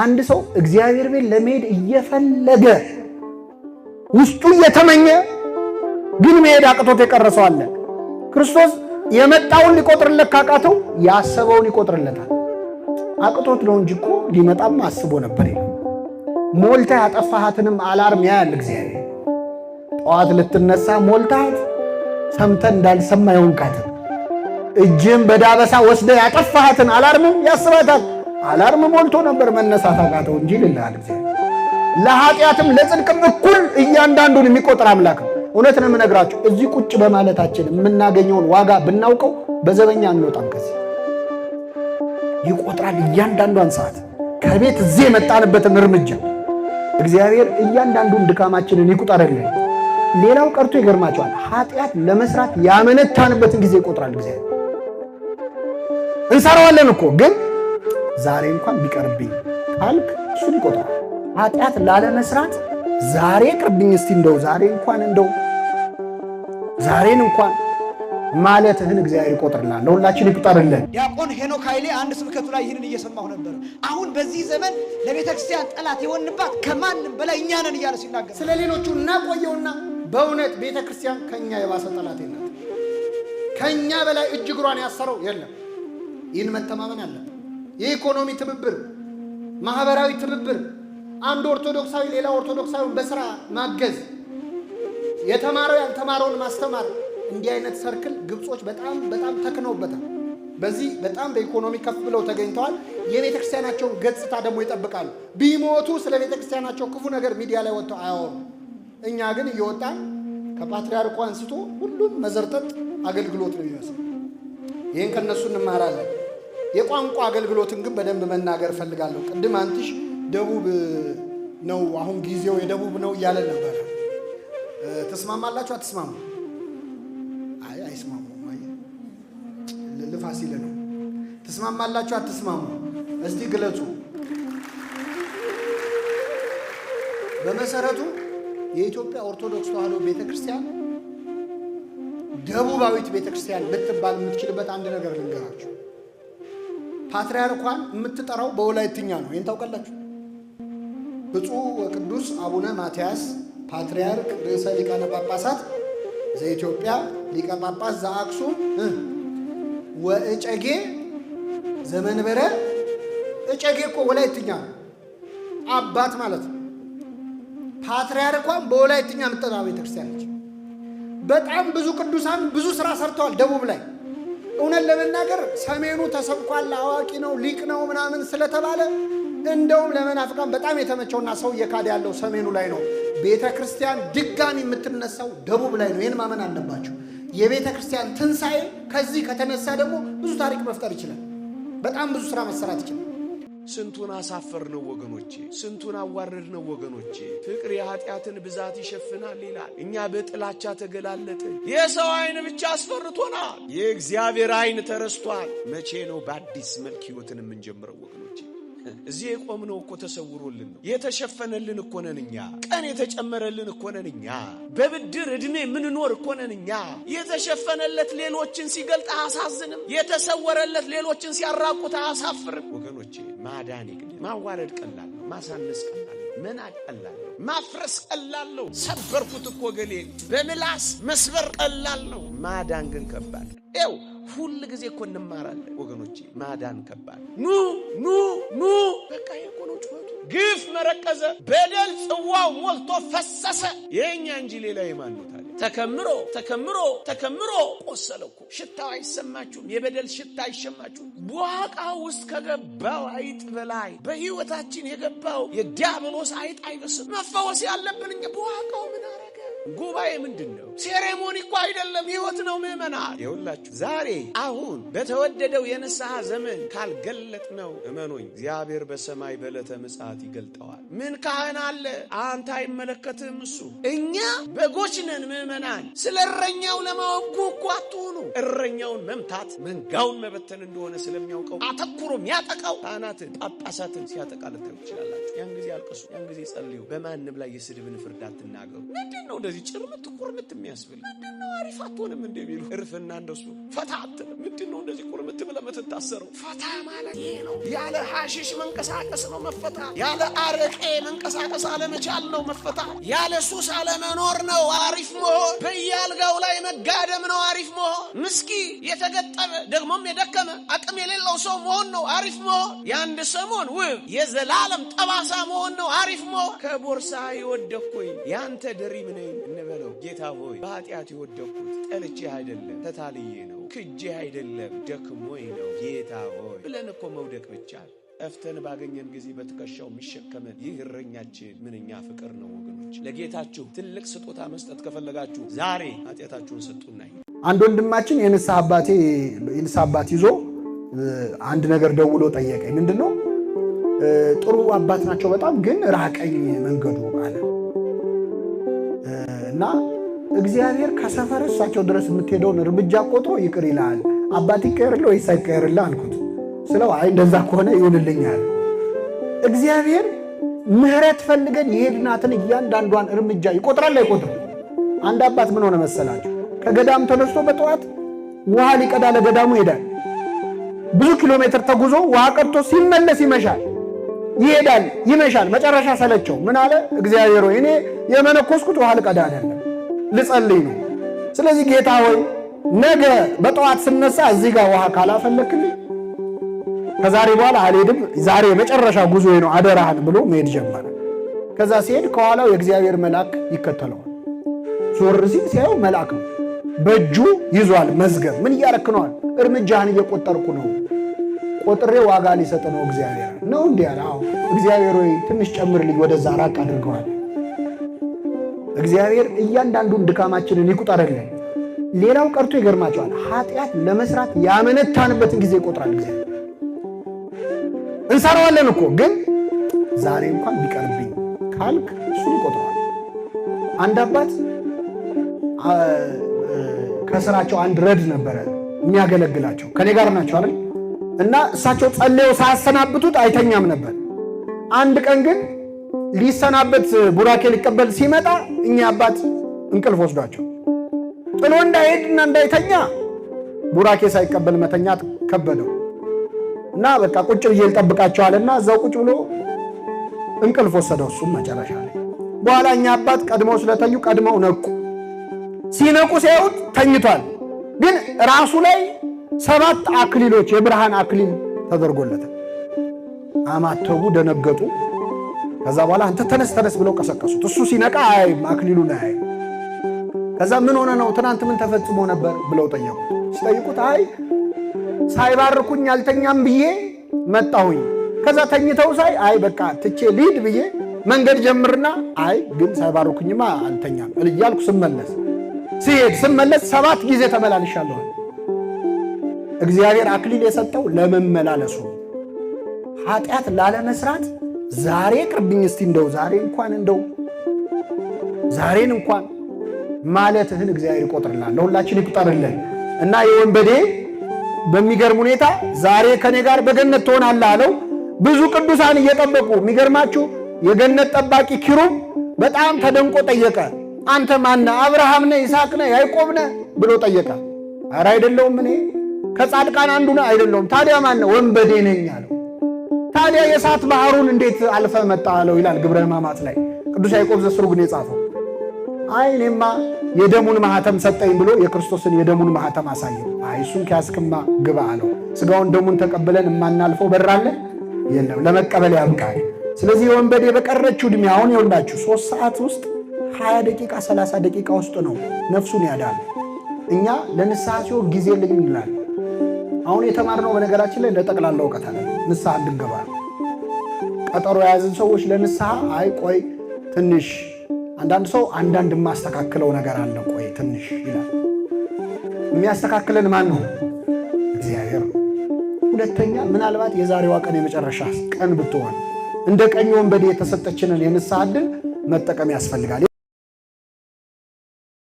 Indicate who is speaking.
Speaker 1: አንድ ሰው እግዚአብሔር ቤት ለመሄድ እየፈለገ ውስጡ እየተመኘ ግን መሄድ አቅቶት የቀረሰው አለ። ክርስቶስ የመጣውን ሊቆጥርለት ካቃተው ያሰበውን ይቆጥርለታል። አቅቶት ነው እንጂ እኮ ሊመጣም አስቦ ነበር። ሞልታ ያጠፋሃትንም አላርም ያያል እግዚአብሔር። ጠዋት ልትነሳ ሞልታት ሰምተን እንዳልሰማ ይሆንካትን እጅም በዳበሳ ወስደ ያጠፋሃትን አላርምም ያስባታል። አላርም ሞልቶ ነበር መነሳት አቃተው እንጂ ልልሃል። እግዚአብሔር ለኃጢአትም ለጽድቅም እኩል እያንዳንዱን የሚቆጥር አምላክ ነው። እውነት ነው የምነግራቸው እዚህ ቁጭ በማለታችን የምናገኘውን ዋጋ ብናውቀው በዘበኛ አንወጣም። ከዚህ ይቆጥራል እያንዳንዷን ሰዓት ከቤት እዚህ የመጣንበትን እርምጃ እግዚአብሔር እያንዳንዱን ድካማችንን ይቁጠርልን። ሌላው ቀርቶ ይገርማቸዋል ኃጢአት ለመስራት ያመነታንበትን ጊዜ ይቆጥራል እግዚአብሔር። እንሰራዋለን እኮ ግን ዛሬ እንኳን ቢቀርብኝ አልክ፣ እሱን ይቆጥራል። ኃጢአት ላለመስራት ዛሬ ቅርብኝ እስቲ እንደው ዛሬ እንኳን እንደው ዛሬን እንኳን ማለትህን እግዚአብሔር ይቆጥርላል። ለሁላችን ይቁጠርልን።
Speaker 2: ዲያቆን ሄኖክ ኃይሌ አንድ ስብከቱ ላይ ይህንን እየሰማሁ ነበር። አሁን በዚህ ዘመን ለቤተ ክርስቲያን ጠላት የሆንባት ከማንም በላይ እኛ ነን እያለ ሲናገር
Speaker 1: ስለ ሌሎቹ እናቆየውና በእውነት ቤተ ክርስቲያን ከእኛ የባሰ ጠላት የለም። ከእኛ በላይ እጅ እግሯን ያሰረው የለም። ይህን መተማመን አለብን። የኢኮኖሚ ትብብር፣ ማህበራዊ ትብብር፣ አንድ ኦርቶዶክሳዊ ሌላ ኦርቶዶክሳዊ በስራ ማገዝ፣ የተማረው ያልተማረውን ማስተማር፣ እንዲህ አይነት ሰርክል ግብጾች በጣም በጣም ተክነውበታል። በዚህ በጣም በኢኮኖሚ ከፍ ብለው ተገኝተዋል። የቤተክርስቲያናቸውን ገጽታ ደግሞ ይጠብቃሉ። ቢሞቱ ስለ ቤተክርስቲያናቸው ክፉ ነገር ሚዲያ ላይ ወጥተው አያወሩ። እኛ ግን እየወጣን ከፓትርያርኩ አንስቶ ሁሉም መዘርጠጥ አገልግሎት ነው ይመስል። ይህን ከእነሱ እንማራለን። የቋንቋ አገልግሎትን ግን በደንብ መናገር እፈልጋለሁ። ቅድም አንትሽ ደቡብ ነው አሁን ጊዜው የደቡብ ነው እያለ ነበር። ተስማማላችሁ? አትስማሙ? አይ አይስማሙ። ልፋ ነው። ተስማማላችሁ? አትስማሙ? እስቲ ግለጹ። በመሰረቱ የኢትዮጵያ ኦርቶዶክስ ተዋህዶ ቤተ ክርስቲያን ደቡባዊት ቤተ ክርስቲያን ልትባል የምትችልበት አንድ ነገር ልንገራችሁ። ፓትርያርኳን የምትጠራው በወላይትኛ ነው። ይህን ታውቃላችሁ። ብፁዕ ወቅዱስ አቡነ ማትያስ ፓትርያርክ ርዕሰ ሊቃነ ጳጳሳት ዘኢትዮጵያ ሊቀ ጳጳስ ዘአክሱም ወእጨጌ ዘመንበረ እጨጌ እኮ ወላይትኛ ነው፣ አባት ማለት ነው። ፓትርያርኳን በወላይትኛ የምትጠራ ቤተክርስቲያን ነች። በጣም ብዙ ቅዱሳን ብዙ ስራ ሰርተዋል ደቡብ ላይ እውነት ለመናገር ሰሜኑ ተሰብኳል፣ አዋቂ ነው፣ ሊቅ ነው ምናምን ስለተባለ እንደውም ለመናፍቃን በጣም የተመቸውና ሰው እየካደ ያለው ሰሜኑ ላይ ነው። ቤተ ክርስቲያን ድጋሚ የምትነሳው ደቡብ ላይ ነው። ይህን ማመን አለባቸው። የቤተ ክርስቲያን ትንሣኤ ከዚህ ከተነሳ ደግሞ ብዙ ታሪክ መፍጠር ይችላል። በጣም ብዙ ስራ መሰራት ይችላል።
Speaker 3: ስንቱን አሳፈር ነው ወገኖቼ፣ ስንቱን አዋረድነው ነው ወገኖቼ። ፍቅር የኃጢአትን ብዛት ይሸፍናል ይላል። እኛ በጥላቻ ተገላለጥን። የሰው አይን ብቻ አስፈርቶናል። የእግዚአብሔር አይን ተረስቷል። መቼ ነው በአዲስ መልክ ሕይወትን የምንጀምረው ወገኖቼ? እዚህ የቆምነው እኮ ተሰውሮልን ነው። የተሸፈነልን እኮ ነን እኛ። ቀን የተጨመረልን እኮ ነን እኛ። በብድር ዕድሜ የምንኖር እኮ ነን እኛ። የተሸፈነለት ሌሎችን ሲገልጥ አያሳዝንም? የተሰወረለት ሌሎችን ሲያራቁት አያሳፍርም? ወገኖቼ ማዳን ይግድ። ማዋረድ ቀላል ነው። ማሳነስ ቀላል ምን አቀላለሁ? ማፍረስ ቀላለሁ። ሰበርኩት እኮ ገሌ በምላስ መስበር ቀላለሁ። ማዳን ግን ከባድ ው ሁል ጊዜ እኮ እንማራለን ወገኖቼ፣ ማዳን ከባድ ኑ ኑ ኑ በቃ የኮኖ ጩኸቱ ግፍ መረቀዘ፣ በደል ጽዋው ሞልቶ ፈሰሰ። የእኛ እንጂ ሌላ የማን ተከምሮ ተከምሮ ተከምሮ ቆሰለ እኮ። ሽታው አይሰማችሁም? የበደል ሽታ አይሰማችሁም? ቧቃ ውስጥ ከገባው አይጥ በላይ በህይወታችን የገባው የዲያብሎስ አይጥ አይበስም። መፈወስ ያለብን እኛ በዋቃው ምን አረ ጉባኤ ምንድን ነው? ሴሬሞኒ እኮ አይደለም፣ ህይወት ነው። ምእመና የሁላችሁ ዛሬ አሁን በተወደደው የንስሐ ዘመን ካልገለጥ ነው እመኖኝ እግዚአብሔር በሰማይ በዕለተ ምጽአት ይገልጠዋል። ምን ካህን አለ? አንተ አይመለከትም እሱ። እኛ በጎች ነን ምዕመናን። ስለ እረኛው ለማወቅ ጉጉ አትሆኑ። እረኛውን መምታት መንጋውን መበተን እንደሆነ ስለሚያውቀው አተኩሮ የሚያጠቃው ካህናትን፣ ጳጳሳትን ሲያጠቃ ልታዩ ትችላላችሁ። ያን ጊዜ አልቅሱ፣ ያን ጊዜ ጸልዩ። በማንም ላይ የስድብን ፍርድ አትናገሩ። ምንድን ነው እንደዚህ ጭርምት ቁርምት የሚያስብል ምንድነው? አሪፍ አትሆንም እንደሚሉ እርፍና እንደሱ ፈታ አትልም። ምንድነው እንደዚህ ቁርምት ብለህ የምትታሰረው? ፈታ ማለት ይሄ ነው። ያለ ሐሺሽ መንቀሳቀስ ነው መፈታ። ያለ አረቄ መንቀሳቀስ አለመቻል ነው መፈታ። ያለ ሱስ አለመኖር ነው አሪፍ መሆን። ላይ መጋደም ነው አሪፍ መሆን። ምስኪ የተገጠመ ደግሞም የደከመ አቅም የሌለው ሰው መሆን ነው አሪፍ መሆን። የአንድ ሰሞን ውብ የዘላለም ጠባሳ መሆን ነው አሪፍ መሆን። ከቦርሳ የወደኩኝ የአንተ ድሪም ነኝ እንበለው። ጌታ ሆይ በኃጢአት የወደኩት ጠልቼ አይደለም ተታልዬ ነው ክጄ አይደለም ደክሞኝ ነው ጌታ ሆይ ብለን እኮ መውደቅ ብቻል እፍተን ባገኘን ጊዜ በትከሻው የሚሸከመን ይህ እረኛችን ምንኛ ፍቅር ነው ወገኖች። ለጌታችሁ ትልቅ ስጦታ መስጠት ከፈለጋችሁ ዛሬ ኃጢአታችሁን ስጡና
Speaker 1: አንድ ወንድማችን የንስሐ አባቴ የንስሐ አባት ይዞ አንድ ነገር ደውሎ ጠየቀኝ። ምንድን ነው ጥሩ አባት ናቸው በጣም ግን ራቀኝ መንገዱ አለ እና እግዚአብሔር ከሰፈር እሳቸው ድረስ የምትሄደውን እርምጃ ቆጥሮ ይቅር ይልሃል። አባት ይቀየርልህ ወይስ አይቀየርልህ አልኩት። ስለው አይ እንደዛ ከሆነ ይሁንልኛል። እግዚአብሔር ምሕረት ፈልገን የሄድናትን እያንዳንዷን እርምጃ ይቆጥራል አይቆጥርም? አንድ አባት ምን ሆነ መሰላችሁ? ከገዳም ተነስቶ በጠዋት ውሃ ሊቀዳ ለገዳሙ ይሄዳል። ብዙ ኪሎ ሜትር ተጉዞ ውሃ ቀድቶ ሲመለስ ይመሻል። ይሄዳል፣ ይመሻል። መጨረሻ ሰለቸው። ምን አለ? እግዚአብሔር ሆይ እኔ የመነኮስኩት ውሃ ልቀዳ አይደለም፣ ልጸልይ ነው። ስለዚህ ጌታ ሆይ ነገ በጠዋት ስነሳ እዚህ ጋር ውሃ ካላፈለክልኝ ከዛሬ በኋላ አልሄድም፣ ዛሬ የመጨረሻ ጉዞ ነው አደራህን ብሎ መሄድ ጀመረ። ከዛ ሲሄድ ከኋላው የእግዚአብሔር መልአክ ይከተለዋል። ዞር ሲል ሲያየው መልአክ ነው፣ በእጁ ይዟል መዝገብ። ምን እያረክነዋል? እርምጃህን እየቆጠርኩ ነው፣ ቆጥሬ ዋጋ ሊሰጥ ነው እግዚአብሔር ነው እንዲ ያለ። እግዚአብሔር ወይ ትንሽ ልኝ፣ ወደዛ ራቅ አድርገዋል። እግዚአብሔር እያንዳንዱን ድካማችንን ይቁጠርልን። ሌላው ቀርቶ ይገርማቸዋል፣ ኃጢአት ለመስራት ያመነታንበትን ጊዜ ይቆጥራል እግዚአብሔር እንሰራዋለን እኮ ግን ዛሬ እንኳን ቢቀርብኝ ካልክ እሱ ይቆጥረዋል። አንድ አባት ከስራቸው አንድ ረድ ነበረ የሚያገለግላቸው ከኔ ጋር ናቸው አይደል? እና እሳቸው ጸልየው ሳያሰናብቱት አይተኛም ነበር። አንድ ቀን ግን ሊሰናበት ቡራኬ ሊቀበል ሲመጣ እኛ አባት እንቅልፍ ወስዷቸው ጥሎ እንዳይሄድና እንዳይተኛ ቡራኬ ሳይቀበል መተኛት ከበደው። እና በቃ ቁጭ ብዬ እና እዛው ቁጭ ብሎ እንቅልፍ ወሰደው። እሱም መጨረሻ ላይ በኋላ እኛ አባት ቀድመው ስለተኙ ቀድመው ነቁ። ሲነቁ ሲያዩት ተኝቷል፣ ግን ራሱ ላይ ሰባት አክሊሎች የብርሃን አክሊል ተደርጎለታል። አማተቡ ደነገጡ። ከዛ በኋላ አንተ ተነስ ተነስ ብለው ቀሰቀሱት። እሱ ሲነቃ አያይም አክሊሉን አይ ከዛ ምን ሆነ ነው ትናንት ምን ተፈጽሞ ነበር ብለው ጠየቁት። ሲጠይቁት አይ ሳይባርኩኝ አልተኛም ብዬ መጣሁኝ። ከዛ ተኝተው ሳይ አይ በቃ ትቼ ልሂድ ብዬ መንገድ ጀምርና አይ ግን ሳይባርኩኝማ አልተኛም እያልኩ ስመለስ ሲሄድ ስመለስ ሰባት ጊዜ ተመላልሻለሁ። እግዚአብሔር አክሊል የሰጠው ለመመላለሱ ኃጢአት ላለመስራት ዛሬ ቅርብኝ እስቲ እንደው ዛሬ እንኳን እንደው ዛሬን እንኳን ማለትህን እግዚአብሔር ይቆጥርላል። ለሁላችን ይቁጠርልን እና የወንበዴ በሚገርም ሁኔታ ዛሬ ከኔ ጋር በገነት ትሆናለህ አለው። ብዙ ቅዱሳን እየጠበቁ የሚገርማችሁ የገነት ጠባቂ ኪሩብ በጣም ተደንቆ ጠየቀ። አንተ ማነ? አብርሃም ነ? ይስሐቅ ነ? ያዕቆብ ነ? ብሎ ጠየቀ። አረ አይደለውም፣ እኔ ከጻድቃን አንዱ ነ አይደለውም። ታዲያ ማነ? ወንበዴ ነኝ አለው። ታዲያ የእሳት ባህሩን እንዴት አልፈ መጣ አለው ይላል ግብረ ሕማማት ላይ ቅዱስ ያዕቆብ ዘስሩግ ነው የጻፈው። አይ እኔማ የደሙን ማህተም ሰጠኝ ብሎ የክርስቶስን የደሙን ማህተም አሳየ። አይ እሱን ኪያስክማ ግባ አለው። ስጋውን ደሙን ተቀብለን የማናልፈው በራለ የለም፣ ለመቀበል ያብቃል። ስለዚህ የወንበዴ በቀረችው ዕድሜ አሁን ይኸውላችሁ ሶስት ሰዓት ውስጥ ሀያ ደቂቃ ሰላሳ ደቂቃ ውስጥ ነው ነፍሱን ያዳል። እኛ ለንስሐ ሲሆን ጊዜ ልኝ ይላል። አሁን የተማርነው በነገራችን ላይ ለጠቅላላ እውቀት አለ። ንስሐ እንድንገባ ቀጠሮ የያዝን ሰዎች ለንስሐ አይ ቆይ ትንሽ አንዳንድ ሰው አንዳንድ የማስተካክለው ነገር አለ ቆይ ትንሽ ይላል። የሚያስተካክለን ማን ነው? እግዚአብሔር። ሁለተኛ ምናልባት የዛሬዋ ቀን የመጨረሻ ቀን ብትሆን እንደ ቀኝ ወንበዴ የተሰጠችንን የንስሐ ዕድል መጠቀም ያስፈልጋል።